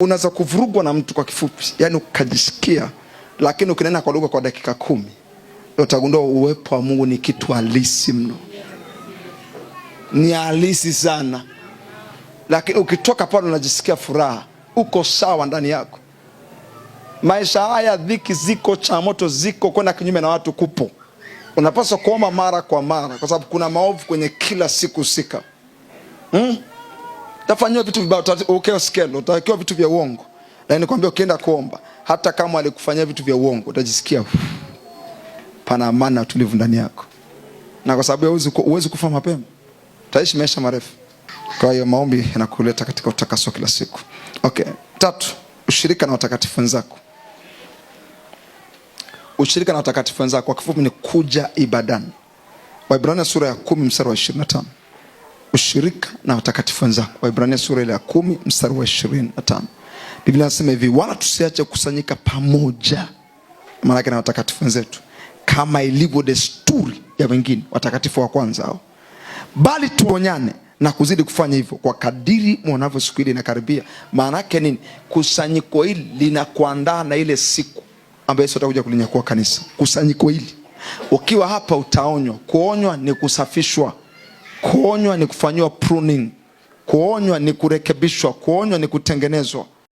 Unaweza kuvurugwa na mtu kwa kifupi, yani ukajisikia, lakini ukinena kwa lugha kwa dakika kumi utagundua uwepo wa Mungu ni kitu halisi mno, ni halisi sana. Lakini ukitoka pale unajisikia furaha, uko sawa ndani yako. Maisha haya dhiki ziko, changamoto ziko, kwenda kinyume na watu kupo. Unapaswa kuomba mara kwa mara, kwa sababu kuna maovu kwenye kila siku husika, hmm? Utafanyiwa vitu vibaya, utawekewa skelo, utawekewa vitu vya uongo. Na nikwambia ukienda kuomba, hata kama alikufanyia vitu vya uongo, utajisikia pana amani na utulivu ndani yako. Na kwa sababu huwezi kufa mapema, utaishi maisha marefu. Kwa hiyo maombi yanakuleta katika utakaso kila siku. Okay, tatu, ushirika na watakatifu wenzako. Ushirika na watakatifu wenzako kwa kifupi ni kuja ibadani. Waibrania sura ya kumi mstari wa 25 ushirika na watakatifu wenzako. Waibrania sura ile ya kumi mstari wa ishirini na tano Biblia nasema hivi, wala tusiache kusanyika pamoja, maana yake na watakatifu wenzetu, kama ilivyo desturi ya wengine watakatifu wa kwanza hao, bali tuonyane na kuzidi kufanya hivyo kwa kadiri mwanavyo siku ile inakaribia. Maana yake nini? Kusanyiko hili linakuandaa na ile siku ambayo Yesu atakuja kulinyakua kanisa. Kusanyiko hili ukiwa hapa utaonywa. Kuonywa ni kusafishwa. Kuonywa ni kufanyiwa pruning, kuonywa ni kurekebishwa, kuonywa ni kutengenezwa.